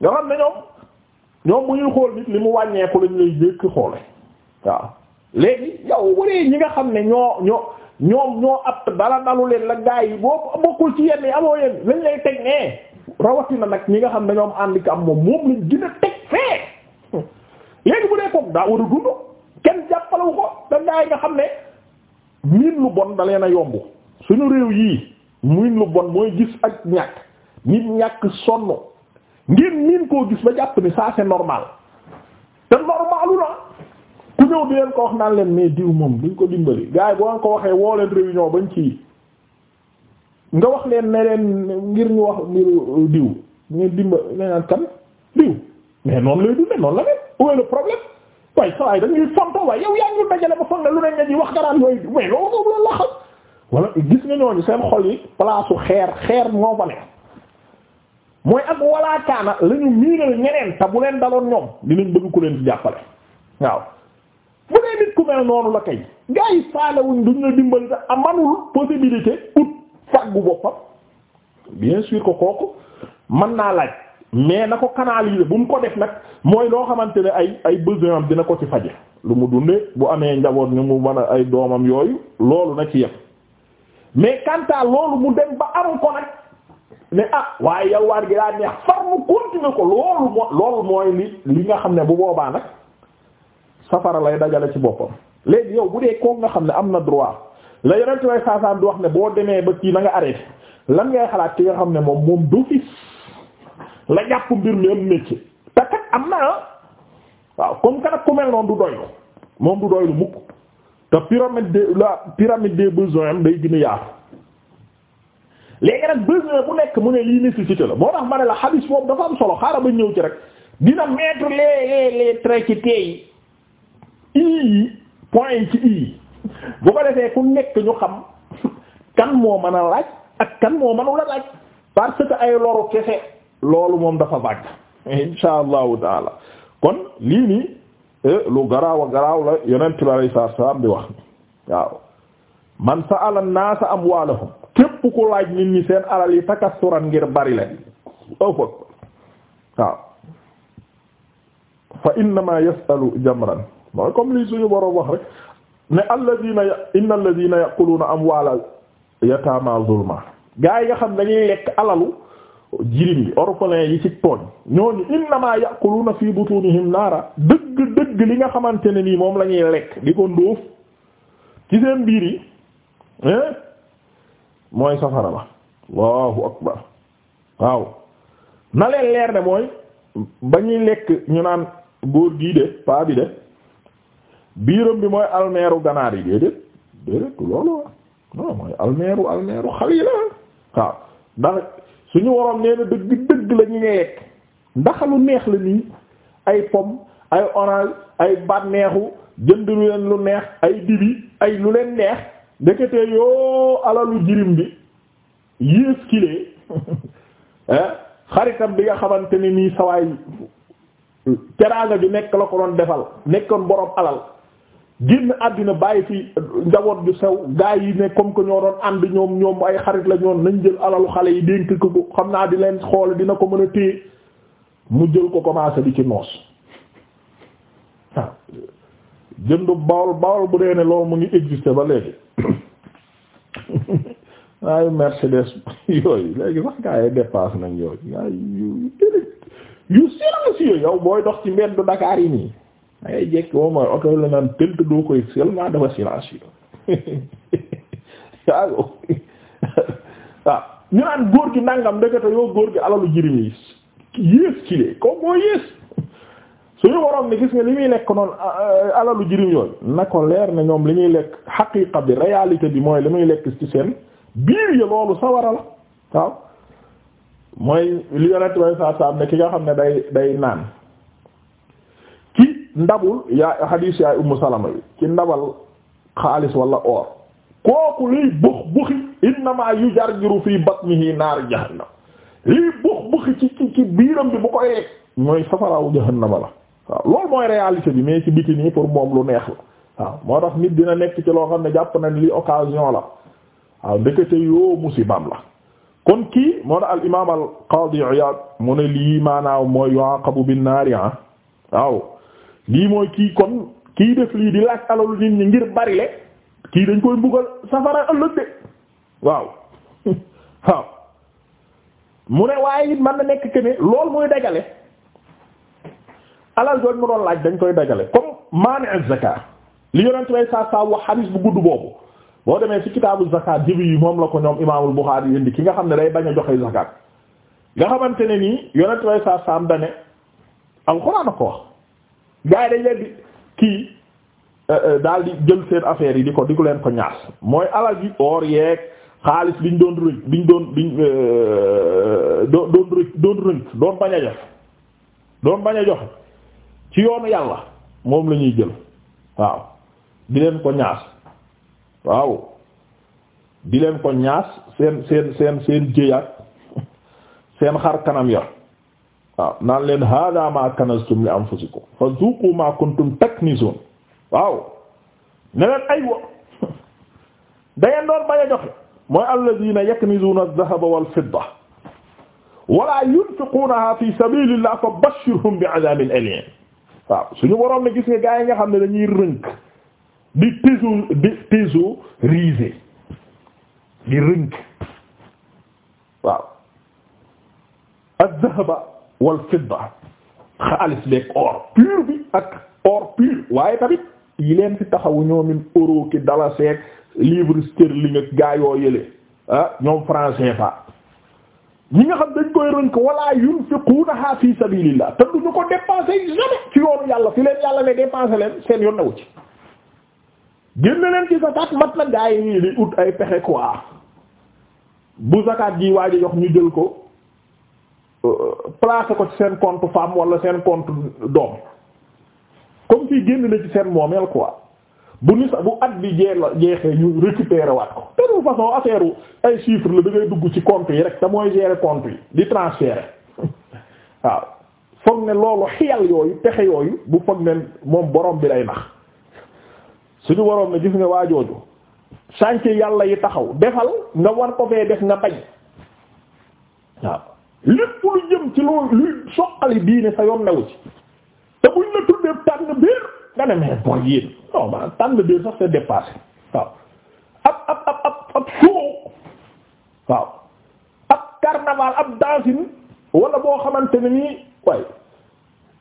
nga xam ne ñoom ñoom bu ñuy xool nit li mu wàññeeku lañ lay jëkk xoole waaw léegi yow waree ñi nga xam ne ñoo ñoo ñoom ñoo ab dalu leen la gaa yi boo bokkul ci yenn yi amoo yenn lañ lay teg nee rawatina nag ñi nga xam ne ñoom handicap moom moom lañ gën teg fee léegi bu dee koog daa war a dund kenn jàppalewu ko da yi nga xam ne miin lu bon da leen a yomb suñu réew yii miin lu bon mooy gis ak ñàkk nit ñàkk sonn ngeen miin koo gis ba jàpp ni ça c'est normal te normalu la ku ñëw di leen ko wax naan leen mais diw moom duñ ko dimbali gars yi boo ko waxee woo leen réunion bañ ci nga wax leen ne leen ngir ñu wax ngir euh, diw ñu dimbali ne naan kan diw mais noonu la ne où est le problème waaye saa yi dañuy fonto waaye yow yaa ngi dajale ba foog ne lu ne nga ñuy wax dara yooyu mais loolu moom la xam wala gis nga ñooñu seen xol yi place su xeer xeer moo fa ne mooy ak walaakaana la ñu miinal ñeneen te bu leen daloon ñoom dinañ bëgg ku leen ci jàppale waaw bu dee nit ku mel noonu la kay gars yi faalewuñ duñ la dimbali te amanul possibilité ut fàggu boppam bien sûr que kooku mën naa laaj mais na ko canaliser bu mu ko def nag mooy loo xamante ne ay ay besoin am dina ko ci faje lu mu dundee bu amee njaboot ni mu mën a ay doomam yooyu loolu na ci yem mais quant loolu mu dem ba am ko nag ne ah waaye yow waar gi daa neex far mu continuer ko loolu moo loolu mooy li li nga xam ne bu boobaa nag safara lay dajale ci boppam léegi yow bu dee kook nga xam ne am na droit la yonent way saasaan wax ne boo demee ba kii na nga arrêté lan ngay xalaat ci nga xam ne moom moom du fis la jàpp mbir mi am métier te kat am na ah waaw comme que nag ku mel noonu du doylu moom du doylu mukk te pyramide de pyramide des besoins am day gën a yaatu léegi nag besoin bu nekk mu ne lii nécessité la boo tax ma ne la xadis boobu dafa am solo xaaral ba ñëw ci rek dina mettre les les traits ci i yi point i bu ko defee ku nekk ñu xam kan moo mën a laaj ak kan moo mënul a laaj parce que ay loru kese loolu moom dafa bàgg insha allahu taala kon lii nii eh, lu garaaw a garaaw la yonent bi alayhi salaam di wax waaw man sa'ala an-naasa amwaalahum képp ku laaj nit ñi seen alal yi takassuran ngir bari la aw waaw fa innama yasalu jamran mooy comme lii suñu boroom wax rek ne alladina inna alladina yataama zulma gaa yi nga xam dañuy lekk alalu jirim yi orphelin yi ci tooñ ñooñu innama yaquluna fi butunihim naara dëgg dëgg li nga xamante ne nii moom la ñuy lekk di ko ndóof ci seen biir yi mooy safara la allahu akbar waaw na leen leer ne mooy ba ñuy lekk ñu naan góor gii de paa bi de biiram bi mooy almeeru ganaar yi déedéet déedéet loolu non mooy almeeru almeeru xal yi la waaw ndax suñu nee na dëgg dëgg la ñu ngay lekk ndax lu neex la nii ay pom ay orange ay bànneexu jënd lu leen lu neex ay dibi ay lu leen neex ndekete yoo alalu jirim bi yées kilee xaritam bi nga xamante ni nii sawaay teraanga ju nekk la ko doon defal nekkoon boroom alal génn àddina bàyyi fi njaboot ju sew gaa yi ne comme que ñoo doon ànd ñoom ñoom ay xarit la ñoon nañ jël alalu xale yi dénk ko xam naa di leen xool dina ko mën a téye mu jël ko commencé di ci noos waaw jëndu bawol bawol bu dee ne loolu mu ngi exister ba léegi waaye Mercedes yooyu léegi sax gaa yi dépasse nañ yooyu waaye yu yu silencieux yow booy dox ci mbeddu Dakar yi nii da ngay jekk oh moom mooy la naan tënt doo koy seulement dafa silencieux waaw waaw ñu naan góor gi nangam ndekete yoo góor gi alalu jirim yi yées kile ko moo yées suñu waroon ne gis nga li muy lekk noonu alalu jirim yooyu na ko leer ne ñoom li ñuy lekk xaqiqa bi réalité bi mooy li muy lekk ci seen biir ya loolu sawara la waaw mooy li yonent saa saam ne ki nga xam ne day day naan ci ndabul yaa xadiis yaay ummu salama bi ci ndabal xaalis wala or kooku liy bux buxi innama yujarjiru fii batnihi naar jahannam liy bux buxi ci ci biiram bi bu koy lekk mooy safaraawu jahannama la waaw loolu mooy réalité bi mais ci biti nii pour moom lu neex la waaw moo tax nit dina nekk ci loo xam ne jàpp na li occasion la waaw ndekete yoo musibam la kon kii moo tax al imaam al qaadi Iyaad mu ne lii maanaaw mooy yuaqabu bin naari ah waaw lii mooy kii kon kii def lii di laaj alalu nit ñi ngir bari le kii dañ koy mbugal safara ëllëg de waaw mu ne waaye man na nekk ke ne lool mooy dajale alal jooñ mu doon laaj dañ koy dajale comme maani zakat li yonent bay saa saa wax xadiis bu gudd boobu boo demee ci kitaabu zakat jibi yi moom la ko ñoom imaamul Buxaari indi ki nga xam ne day bañ a joxe zakat nga xamante ne nii yonent bay saa saa am dane alxuraan a ko wax gaa yi dañ kii eh, eh, daal di jël seen affaires yi di ko di ko leen ko ñaas mooy alal bi or yeeg xaalis biñ doon rëñ liñ doon liñ eh, doon doon rëñ doon bañ a joxe doon bañ a joxe ci yoonu yàlla moom la jël waaw di leen ko ñaas waaw di leen ko ñaas seen seen seen seen jëyaat seen xar kanam ya waaw naan leen hada ma kanastum li anfusikum fa zuqu ma kuntum taknizun waaw ne leen aywa da ngeen doon bañ a joxe mooy alladhina yaknizuna adh-dhahaba wal fidda wala yunfiqunaha fi sabilillah fa bashshirhum bi'adhabin alim waaw suñu boroom ne gis nga gaa yi nga xam ne dañuy rënk di téso di thésauriser di rënk waaw az-zahaba wal fidda xaalis beeg or pur bi ak or pur waaye tamit yi leen fi taxawu ñoomin euro ki dala seeg livre sterling ak gaa yoo yële ah ñoom franc CFA ñi nga xam dañ koy rënk wala yunfiqunaha fi sabilillah te duñu ko dépenser jamais ci yoonu yàlla fi leen yàlla ne dépenser leen seen yoon newu ci génn leen ci zakat mat la gaa yi nii ut ay pexe quoi bu zakat ji waaj a jox ñu jël ko euh, placer ko ci seen compte femme wala seen compte doom comme si génn na ci seen moomeel quoi bu ni sa bu at bi jeel jeexee ñu récupérer waat ko de toute façon affaire ay chiffres la dangay dugg ci compte yi rek te mooy compte yi di transférer waaw foog ne loolu xiyal yooyu pexe yooyu bu foog ne moom borom bi lay nax suñu waroon na gis nga waajooju sànc yàlla yi taxaw defal nga war ko fee def nga bañ waaw lépp lu jëm ci loolu luy soqali diine sa yoon newu ci te buñ la tuddee tànn biir nga ne mais bon yéen non man tànn biir sax c'est dépassé waaw ab ab ab ab ab waaw ab carnaval ab dancing wala boo xamante ne nii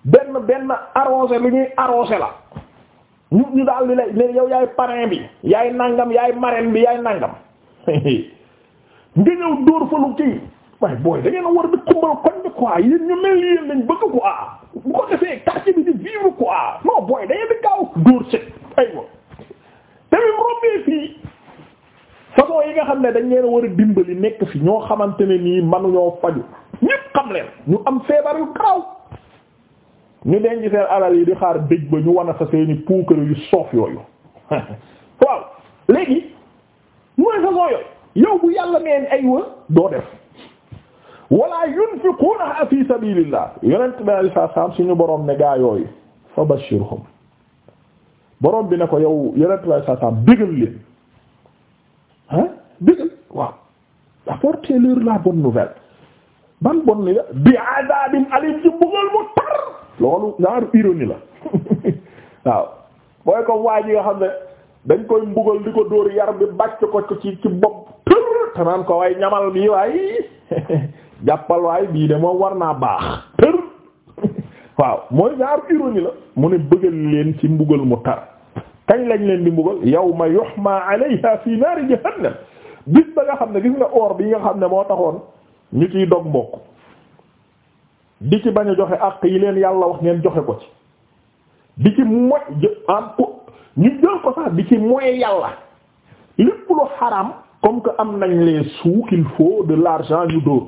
benn benn arrosé lu ñuy arrosé la ñu ñu daal di lay léegi yow yaay parrain bi yaay nangam yaay marraine bi yaay nangam nga ñëw dóor fa lu kii waaye booy da ngeen a di kumbal kon bi quoi yéen ñu mel ni yéen lañ bëgg quoi bu ko defee quartier bi di vivre ko non booy da ngeen di gaaw dóor ci te mu rombee fii façon yi nga xam ne dañ leen war a dimbali nekk fi ñoo xamante ne nii mënuñoo faju ñépp xam leen ñu am feebar yu gaaw. ñu denc seen alal yi di xaar dëj ba ñu wana sa seeni puukare yu soof yooyu waaw léegi mooy sa soo yow bu yàlla neen ay doo def wala yunfiqunaha fi sabilillah yonent bi alei saat suñu borom ne gaa yooyu fa bashirhum borom bi ne ko yow yonent bi alei saat salaam leen ah bégal waaw apportez-leur la bonne nouvelle ban bonne nouvelle bi adabin alim loolu genre ironie la waaw mooy comme waa ji nga xam ne dañ koy mbugal di ko dóor yar bi bàcc ko ci ci bopp tër te naan ko waay ñamal bii waay jàppal waay bii de moom war naa baax tër waaw mooy genre ironie la mu ne bëggal leen ci mbugal mu tar kañ lañ leen di mbugal yawma yuhma alayha fi naari jahannam bis ba nga xam ne gis nga or bi nga xam ne moo taxoon nit ciy dog mbokk di ci bañ a joxe àq yi leen yàlla wax ngeen joxe ko ci di ci moy am ko ñu jël ko sax di ci moye yàlla lépp lu xaram comme que am nañ les sous qu'il faut de l'argent ñu dóor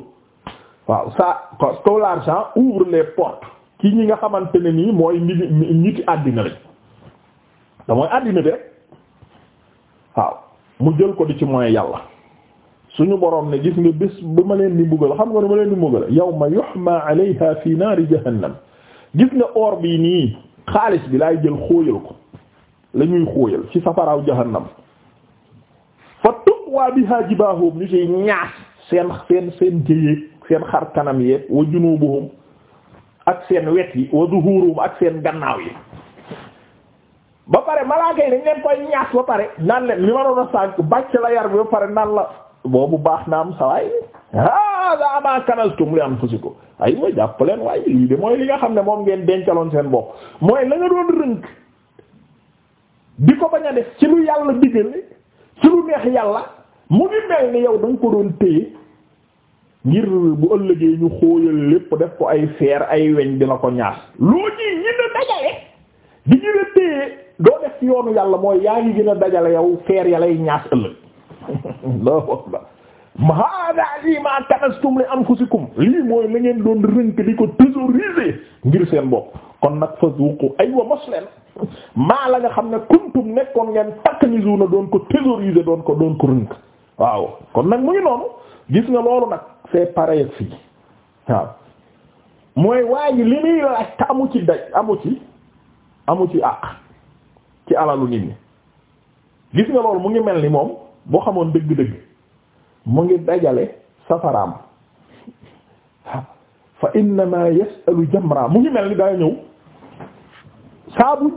waaw sa parce que l'argent ouvre les portes ki ñi nga xamante ne nii mooy ñi ñiti àddina lañ da àddina de waaw mu jël ko di ci moye yàlla suñu boroom ne gis nga bés ba ma leen di mbugal xam nga ne ma leen di mbugal yawma yuhma alayha fi naari jahannam gis nga or bii xaalis bi lay jël xóoyal ko la ñuy xóoyal ci safaraw jahannam fa tuqwa biha jibaahum ñu ci ñaas seen seen seen seen xar kanam yeeg wa junubuhum ak seen wet yi wa zuhuruhum ak seen gannaaw yi ba pare malaaka yi dañ leen koy ñaas ba pare naan leen li ma doon a sànk la yar bi ba pare naan la boobu baax naa am sawaay hada ma kanastum li anfusikum aywa jàpp leen waaye lii de mooy li nga xam ne moom ngeen dencaloon seen bopp mooy la nga doon rënk di ko bañ a def ci lu yàlla digal ci lu neex yàlla mu ngi mel ni yow da ko doon téye ngir bu ëllëgee ñu xóoyal lépp def ko ay feer ay weñ dina ko ñaas loo ji ñi dajale di gën a téye doo def yoonu yàlla mooy yaa ngi gën a dajale yow feer ya lay ñaas ëllëg Allahu akbar hada lii am kanastum li anfusikum lii mooy la ngeen doon rënk di ko thésauriser ngir seen bopp kon nag fazuqu aywa mos leen maa la nga xam ne kuntum nekkoon ngeen taknizuna doon ko thésauriser doon ko doon ko rënk waaw kon nag mu ngi noonu gis nga loolu nag c'est pareil fii waaw mooy waa ji li muy laaj te amu ci daj amu ci amu ci àq ci alalu nit ñi gis nga loolu mu ngi mel ni moom boo xamoon dëgg-dëgg mu ngi dajale safaraam fa innama yasalu jamra mu ngi mel ni daa ñëw saa bu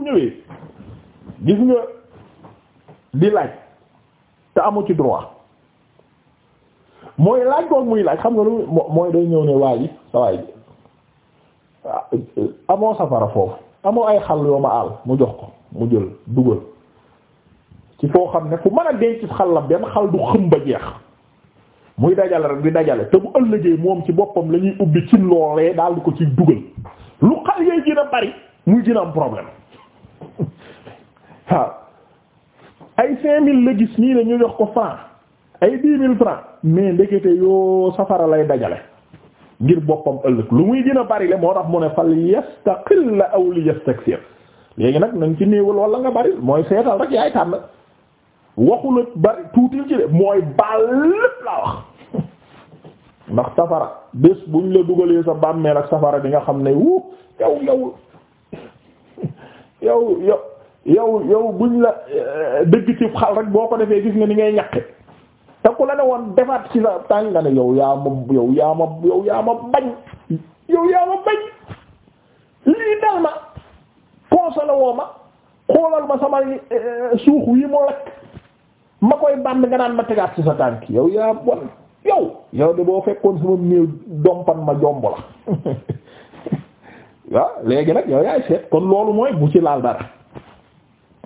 gis nga di laaj te amu ci droit mooy laaj boog muy laaj xam nga lu mooy day ñëw ne waa sa waay ji ah, amoo safara foofu amoo ay xal yoo ma aal mu jox ko mu jël dugal ci foo xam ne fu mën a denc xalam benn xal du xëm ba jeex muy dajale rek di dajale te bu ëllëgee moom ci boppam la ñuy ubbi ci loolee daal di ko ci dugal lu xal yooyu gën a bari muy gën a am problème waaw ay cinq mille la gis nii ne ñu ko franc ay dix mille franc mais ndekete yoo safara lay dajale ngir boppam ëllëg lu muy gën a bari le moo tax mu ne fal yastaqil aw li yastaksir léegi nag nañ ci néewal wala nga bari mooy seetal rek yaay tànn waxula bari tuutil ci de mooy baal lépp laa wax ndax safara bés buñ la dugalee sa bàmmeel ak safara di nga xam ne wu yow yow yow yow yow yow la euh, dëgg ci xal rek boo ko defee gis nga ni ngay ñaqe te la ne woon defaat ci sa tàng nga ne yow yaa ma yow yaa ma bañ yow yaa ma bañ lii dal ma consolé ma xoolal ma sama euh, suux wi mu lakk ma koy bànd nga naan ma tegaat ci sa tànk yow yaa bon yow yow de boo fekkoon sama néew dompan ma jomb la waaw léegi nag yow yaay seet kon loolu mooy bu ci laal dara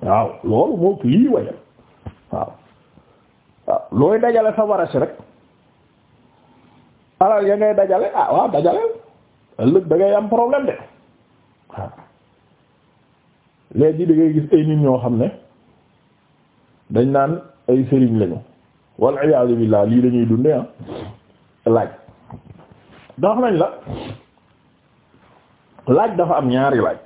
waaw loolu moo ko lii waaw looy dajale sa waras rek alal ya ngay dajale ah waaw dajale ëllëg da am problème de waaw léegi da ngay gis ay nit ñoo xam ne dañ naan ay sëriñ lañu wal iyaadu billaah lii lañuy dunde ah laaj la laaj dafa am ñaari laaj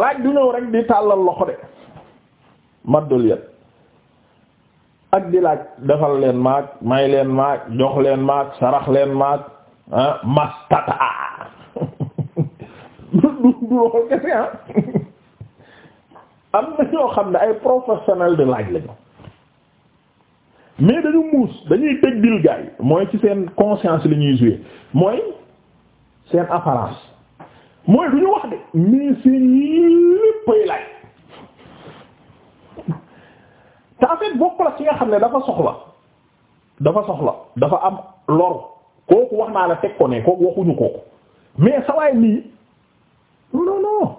laaj du ñëw rek di tàllal loxo de maddul yet ak di laaj defal leen maag may leen maag jox leen maag sarax leen maag ah, mastata du du loxo kese ah am na yoo xam ne ay professionnel de laaj lañu mais dañu muus dañuy tëj dil mooy ci seen conscience li ñuy jouer mooy seen apparence mooy du ñu wax de mais seen léppay laaj te bokk la ci nga xam ne dafa soxla dafa soxla dafa am lor kooku wax naa la teg ko ne kooku waxuñu kooku mais sawaay nii non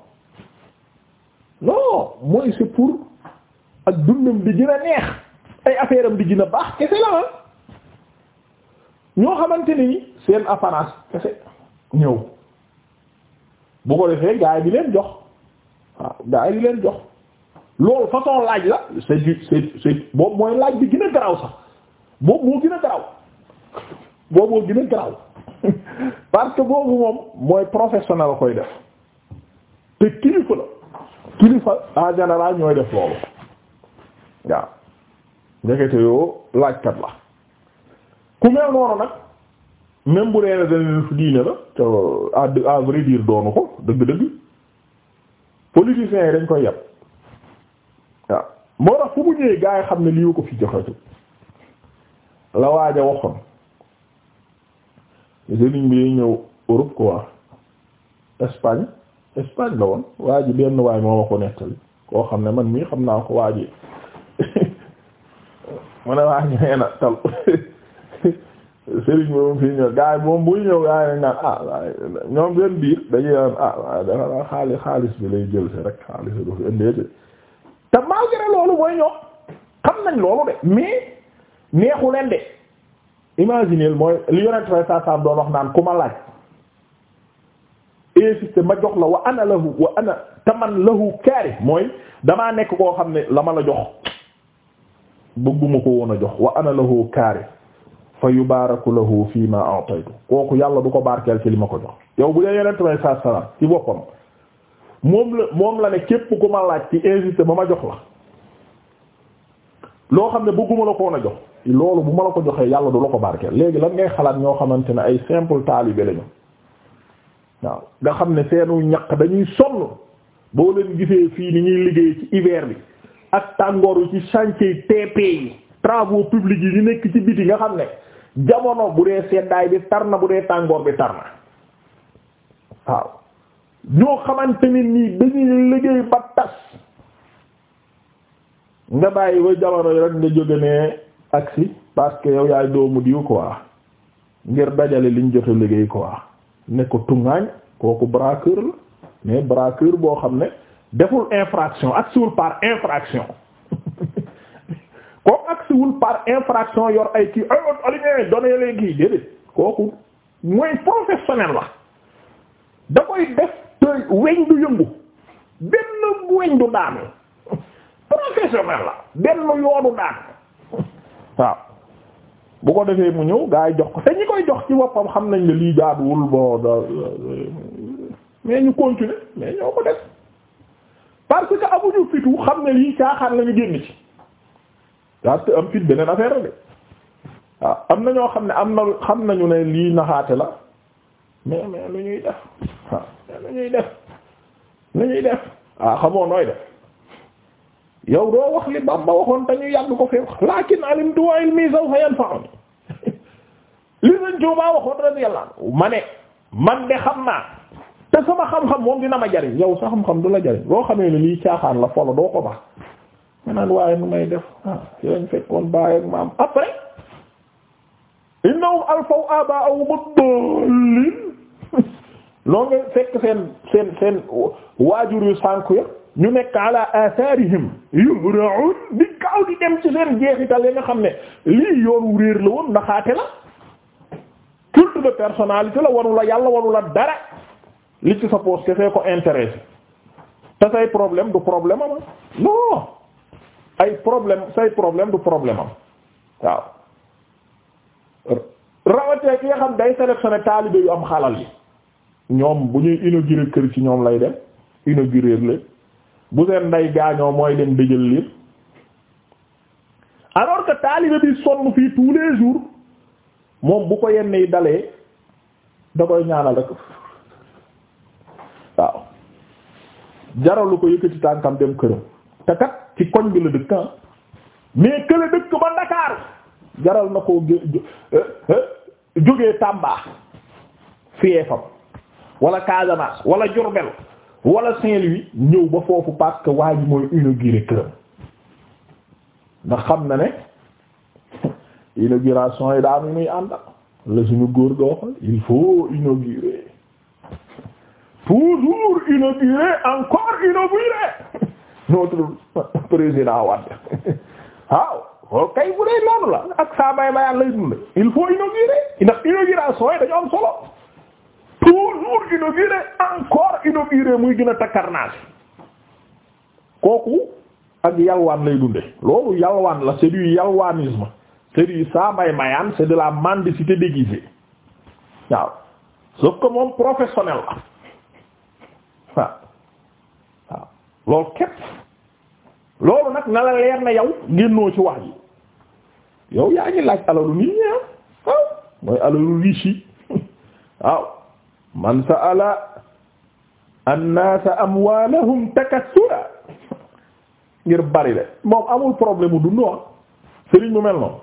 non mooy c'est pour ak dundam di gën neex ay affaire bi di gën a baax kese la ah ñoo xamante ni seen apparence kese ñëw bu ko defee gaa yi leen jox waaw gaa yi di leen jox loolu façon laaj la c'est du c'est c'est boobu mooy laaj bi gën a sax boobu moom mooy professionnel la koy def te kilifa la. kilifa en général ñooy def loolu waaw ndekete yoo laajkat la ku mel noonu nag même bu dee dañuy diine la te à vrai doonu ko dëgg-dëgg politiciens yi dañ koy yab waaw moo tax fu mu ñëwee gaa yi xam ne lii ko fi joxatu la waaj waxoon sëriñ bi ñëw Europe quoi Espagne. Espagne la woon waa ji benn waay moo ma ko nettali koo xam ne man mii xam naa ko waa ji mu ne waa ji tal Serigne moom fii ñëw gars yi moom buy ñëw gars yi naan ah ñoom benn biir naan ah, xaalis xaalis bi lay jël si rek xaalis bi dafa indeete te malgré loolu mooy ñoom xam nañ loolu de mais neexu leen de imaginez mooy li yonent fay saa saa doon wax naan ku ma laaj. insister ma jox la wa ana lahu wa ana taman lahu kaari mooy damaa nekk koo xam ne la ma la jox bëgguma ko woon a jox wa ana lahu kaari fa yubaaraku lahu fii ma a'taytu kooku yàlla du ko barkeel ci li ma ko jox yow bu dee yonent may saa ci boppam moom la moom la ne képp ku ma laaj ci insister ba ma jox la loo xam ne bëgguma la ko woon a jox loolu bu ma la ko joxee yàlla du la ko barkeel léegi lan ngay xalaat ñoo xamante ne ay simple taalibe lañu waaw nga xam ne seenu ñaq dañuy sonn boo leen gisee fii ni ñuy liggéey ci hiver bi ak tàngoor yu ci chantier TP yi travaux publics yi ñu nekk ci biti nga xam ne jamono bu dee seddaay bi tar na bu dee tàngoor bi tar na waaw ñoo xamante nit nii dañuy liggéey ba tas nga bàyyi ba jamono yi rek nga jóge ne agsi parce que yaay doomu diw quoi ngir dajale liñ jot a liggéey quoi ne ko tungaañ kooku braqueur la mais braqueur boo xam ne deful infraction aksiwul par infraction kooku aksiwul par infraction yor ay kii aywa Alioune donné les kooku mooy professionnel la da koy def te weñ du yëngu benn weñ du daanu professionnel la benn yoonu daanu waaw. bu ko defee mu ñëw gaa yi jox ko te ñi koy jox ci boppam xam nañ ne lii jaaduwul bon da ñu continuer mais ñoo ko def parce que amuñu fitu xam ne lii caaxaan la ñu génn ci parce que am fit beneen affaire de waaw ah, am na ñoo xam ne am na xam nañu ne lii naxaate la mais mais lu ñuy def waaw ah, lu ñuy def lu ñuy def waaw ah, xamoo nooy def yow doo wax li Bamba waxoon te ñu yàgg ko fi lakin alimtu wa ilmi sawfa yanfa'uni li Sëriñ Tuubaa waxoon radiyallahu anhu ma ne man de xam naa te sama xam-xam moom dina ma jariñ yow sa xam-xam du la jariñ boo xamee ne lii caaxaan la folo doo ko baax ma naan waaye nu may def ah yéen fekkoon baay ak maam après innahum alfaw fekk seen seen seen waajur yu sànku ya ñu nekk ala atharihim yuhra'un di gaaw di dem ci seen jeexital yi nga xam ne lii yoonu réer la woon ndaxaate la culte de personnalité la waru la yàlla waru la dara li ci sa poche kese ko intéressé te say problème du problème am non ay problème say problème du problème am waaw rawatee ki nga xam day sélectionné taalibe yu am xalal yi ñoom bu ñuy inaugurer kër ci ñoom lay dem inaugurer la bu seen nday gaañoo mooy dem di jël liir alors que bi sonn fii tous les jours moom bu ko yenn yi dalee da koy ñaanal rek waaw jaralu ko yëkkati tànkam dem këram te kat ci koñ bi la dëkk ah. mais kële dëkk ba Dakar jaral na koo euh, euh, jógee Tamba fiyeefam wala Casamance wala Diourbel wala Saint-Louis ñëw ba foofu parce que mooy inauguré këram ndax xam na ne inauguration yi daanu muy àndal la suñu góor ga waxal il faut inaugurer toujours inaugurer encore inaugurer notre président Wade waaw loolu kay bu dee la ak saa bay bayaan lay dund il faut inaugurer ndax inauguration yi dañu solo mu inauguré encore inauguré muy gën a kooku ak yalwaan lay dunde loolu yalwaan la c'est du yalwaanisme c'est du saa may mayaan c'est de la mendicité déguisée waaw sauf que professionnel loolu képp loolu nag na la leer na yow génnoo ci wax ji yow yaa ngi laaj alalu nit ñi ah. mooy alalu riche waaw man sa sa am amwaalahum takassura ngir bari de moom amul problème mu dund ah Serigne mu mel noonu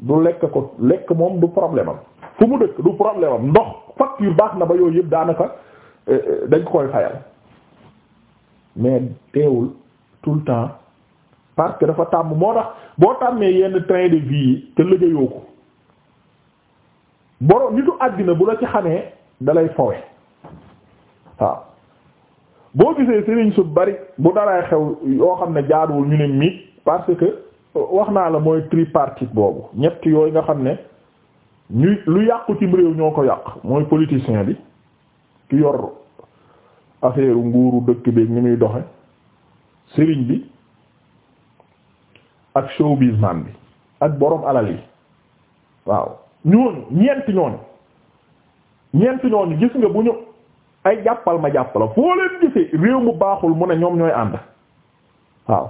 du lekk ko lekk moom du problème am fu mu dëkk du problème ndox facture baax na ba yooyu yëpp daanaka eh, eh, dañ koy fayal mais teewul tout le temps parce que dafa tàmm moo tax boo tàmmee yenn train de vie yi te liggéeyoo ko borom nitu àddina bu la ci xamee. dalay fawe waaw boo gisee sëriñ su bari bu daraay xew yoo xam ne jaaduwul ñu ne miit parce que wax naa la mooy tripartite boobu ñett yooyu nga xam ne ñu lu yàqu ci réew ñoo ko yàq mooy politicien bi ki yor affaire nguuru dëkk bi ñu muy doxe sëriñ bi ak showbizman bi ak borom alal yi waaw ñooñu ñeenti ñooñu ñeenti ñooñu gis nga bu ñu ay jàppal ma jàppala foo leen gisee réew mu baaxul mu ne ñoom ñooy ànd waaw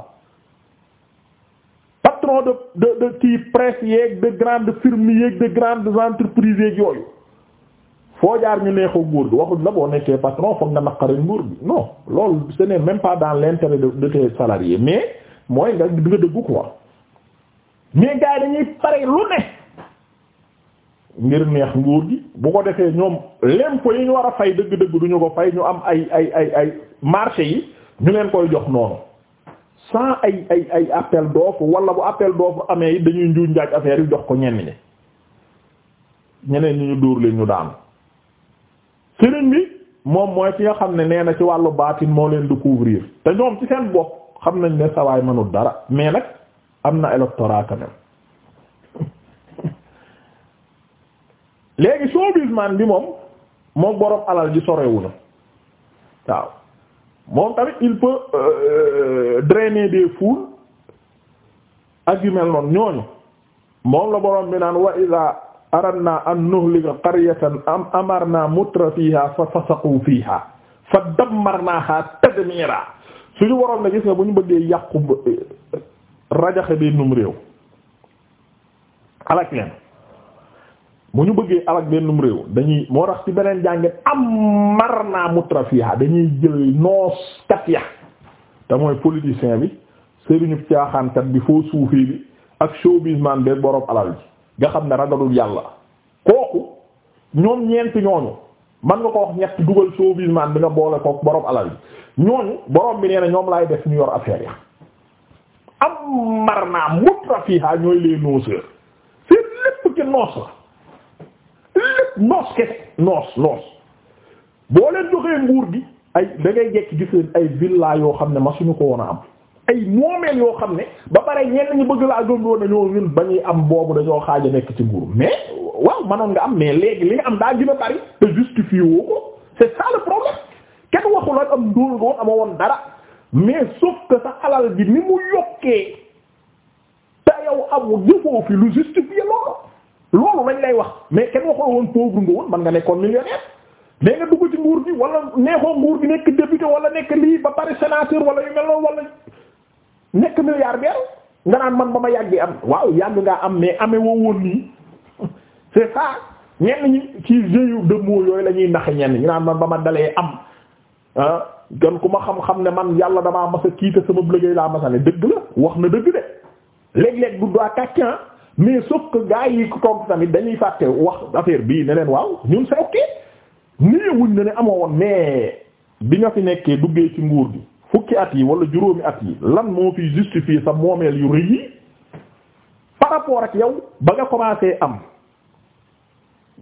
patron de de de kii presse yeeg de grandes firmes yeeg de grandes entreprises yeeg yooyu foo jaar ñu neexoo nguur gi waxuñ la boo nekkee patron foog nga naqari nguur gi non loolu ce n'est même pas dans l'intérêt de de tes salariés mais mooy nga nga dëggu quoi mais gars yi dañuy pare lu ne. ngir neex nguur gi bu ko defee ñoom lem ko yi ñu war a fay dëgg-dëgg duñu ko fay ñu am ay ay ay ay marché yi ñu leen koy jox noonu sans ay ay ay appel d'offre wala bu appel d'offre amee dañuy njuuñ njaaj affaire yi jox ko ñenn ñi ñeneen ñi ñu dóor leen ñu daanu sëriñ bi moom mooy ci nga xam ne nee na ci wàllu baatin moo leen du couvrir te ñoom ci seen bopp xam nañ ne sawaay mënul dara mais nag am na électorat quand léegi showbizman bi moom moom boroom alal ji sorewuñu waaw moom tamit il peut euh, euh, drainer des foules ak yu mel noonu ñooñu moom la boroom bi naan wa iza aradna an nuhlika qaryatan am amarna mutra fiha fa fasaqu fiha fa dammarnaha tadmira suñu boroom ne gis nga bu ñu bëggee yàqu euh, rajaxe bi num réew alak bu ñu bëggee alak bennum réew dañuy moo tax ci beneen jàngeen am mar naa mutrafiha dañuy jël nooskat ya te mooy politicien bi sëriñu caaxaankat bi foo suufee bi ak showbizman bi borom alal bi nga xam ne ragalul yàlla kooku ñoom ñeenti ñooñu man nga ko wax ñett dugal showbizman bi nga boole ko borom alal bi ñooñu borom bi nee na ñoom laay def ñu yor affaire ya am mar naa mutrafiha ñooy les noceurs c'est lépp ci noos la noos kese noos noos boo leen joxee nguur gi ay da ngay jekki ay villa yoo xam ne ma suñu ko woon a am ay moomeel yoo xam ne ba pare ñenn ñu bëgg laa gëm doon dañoo ba ñuy am boobu dañoo xaaja nekk ci nguur mais waaw mënoon nga am mais léegi li nga am daa gën a bari te justifié ko c'est ça le problème kenn waxu am ndóol nga woon ama dara mais sauf sa alal bi ni mu yokkee te yow amul jëfoo fi lu justifié loolu loolu lañ lay wax mais kenn waxoo woon pauvre nga woon man nga nekkoon millionnaire mais nga dugg ci nguur gi walla neexoo nguur gi nekk député wala nekk lii ba pare sénateur wala yu mel noonu wala nekk milliardaire nga naan man ba ma yàggee am waaw yàgg ngaa am mais amee woo woon nii c'est ça ñenn ñi ci jeu de mots yooyu la ñuy nax ñenn ñu naan man ba ma dalee am ah ku ma xam-xam ne man yàlla damaa mas a kiite sama liggéey laa mas a ne dëgg la wax na dëgg de mais sauf que gars yi ko toog tamit dañuy fàtte wax affaire bii ne waaw ñun c'est ok néewuñ na ne amoo woon mais bi nga fi nekkee duggee ci nguur bi fukki at yi wala juróomi at yi lan moo fi justifier sa moomeel yu rëy yi par rapport ak yow ba nga commencé am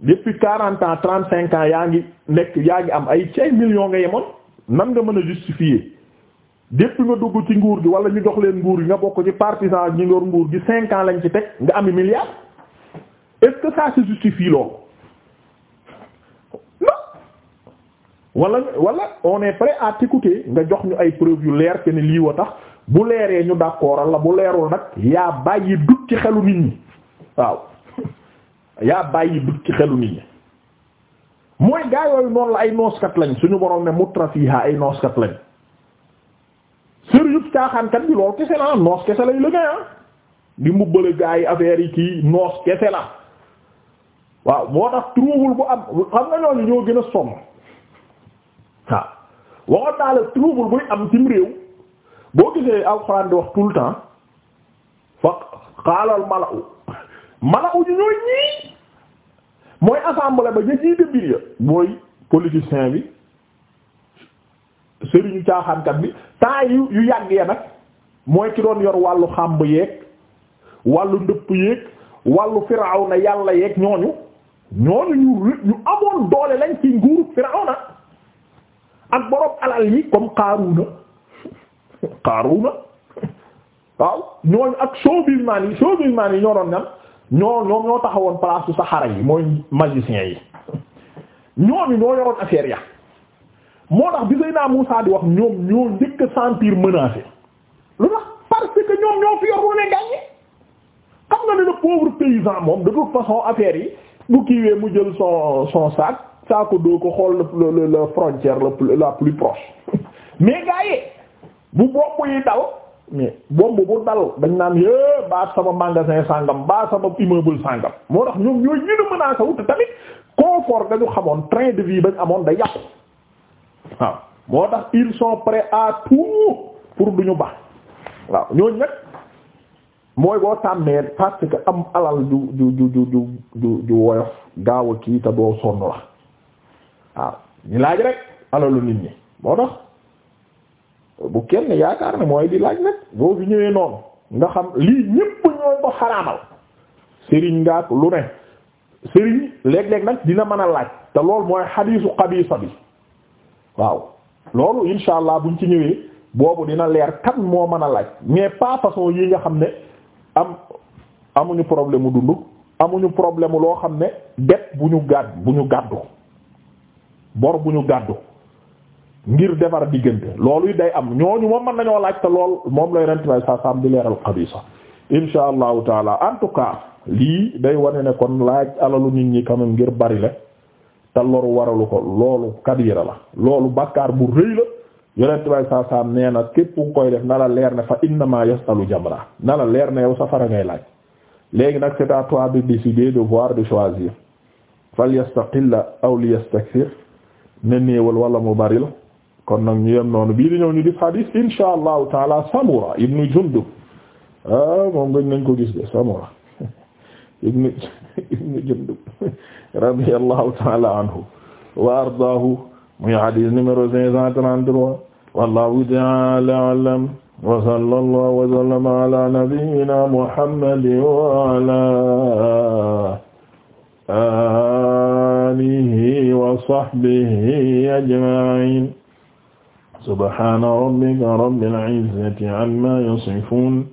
depuis quarante ans trente cinq ans yaa ngi nekk yaa ngi am ay cay million nga yemoon nan nga mën a justifier dépp nga dugg ci nguur gi wala ñu jox leen nguur gi nga bokk ci partisan ñi ngor nguur gi cinq lañ ci teg nga ami milliard est-ce que ça justifie loolu non wala wala on est prêt à nga jox ñu ay preuve yu leer que ne lii tax bu leeree ñu d'accordal la bu leerul nag yaa bàyyi dut ci xelu nit ñi waaw yaa bàyyi dut ci xelu nit ñi mooy gaa yooyu noonu la ay nooskat lañ suñu borom ne mutrafiha ay nooskat lañ sëriñub caaxaankat bi loolu kese la noos kese lay liggéey ah di mbubbale gaa yi affaire yi kii noos kese la waaw moo tax trouble bu am xam nga ñooñu ñoo gën a somm waaw waxoon naa la buy am tim réew boo gisee alxuraan di wax tout le temps fa xaalal mala'u mala'u ñu ñooy ñii mooy assemblée ba ñu jiite mbir ya mooy politicien bi sëriñu caaxaankat bi temps yu yu yàggee nag mooy ki doon yor wàllu xàmb yeeg wàllu ndëpp yeeg wàllu firawna yàlla yeeg ñooñu ñooñu ñu ñu amoon doole lañ ci nguuru firawna ak borom alal yi comme Qaaruna Qaaruna waaw ñooñu ak showbizman yi showbizman yi ñoo doon ñan ñoo ñoom ñoo taxawoon place su saxara yi mooy magicien yi ñooñu ñoo yoroon affaire ya moo tax bi Seydina Muusaa di wax ñoom ñoo njëkk a sentir menacé lu tax parce que ñoom ñoo fi yor ne gàññe xam nga ne le pauvre paysan moom de toute façon affaire yi bu kiiwee mu jël son son sac saako doo ko xool le la frontière la plus proche mais gars bu bopp yi dal mais bomb bu dal dañ naan yé baa sama magasin sàngam baa sama immeuble sàngam moo tax ñoom ñoo ñën a menacé wu tamit confort dañu xamoon train de vie bañ amoon da yàqu waaw moo tax il son prêts à tout pour duñu baax waaw ñooñu nag mooy boo tàmmee parce am alal ju ju ju ju ju ju woyof gaaw a kii te doo sonn la waaw ñu laaj rek alalu nit ñi moo tax bu kenn yaakaar ne mooy di laaj nag boo fi ñëwee noonu nga xam lii ñépp ñoo ko xaraamal sëriñ ngaak lu ne sëriñ léeg-léeg nag dina mën a laaj te loolu mooy xadiisu xabiisa bi waaw loolu insha allah buñ ci ñëwee boobu dina leer kan moo mën a laaj mais pas façon yi nga xam ne am amuñu problème mu dund amuñu problème loo xam ne det bu ñu gàdd bu ñu gàddu bor bu ñu gàddu ngir defar diggante loolu day am ñoo ñooñu moom mën nañoo laaj te lool moom lay rent may sa sam di leeral xabisa insha allahu taala en tout cas lii day wane ne kon laaj alalu nit ñi quand même ngir bari la te loru waralu ko loolu kabira la loolu bàkkaar bu rëy la yonent bay saa saam na képp ku koy def na la leer ne fa innama yastalu jamra na la leer ne yow safara ngay laaj léegi nag c'est à toi de décider de voir de choisir fal yastaqilla aw li yastakthir ne néewal wala mu bari la kon nag ñu yem noonu bii di ñëw ñu dif hadis insha allahu taala samura ibnu jundub ah moom gëj nañ ko gis de samura ibnu ibnu Jundub radiyallahu ta'ala anhu wa ardaahu muy hadis numéro cinq cent trente-trois wallahu ta'ala a'lam wa sallallahu wa sallama ala nabiyyina muhammadin wa ala alihi wa sahbihi ajma'in subhana rabbika rabbil izzati amma yasifun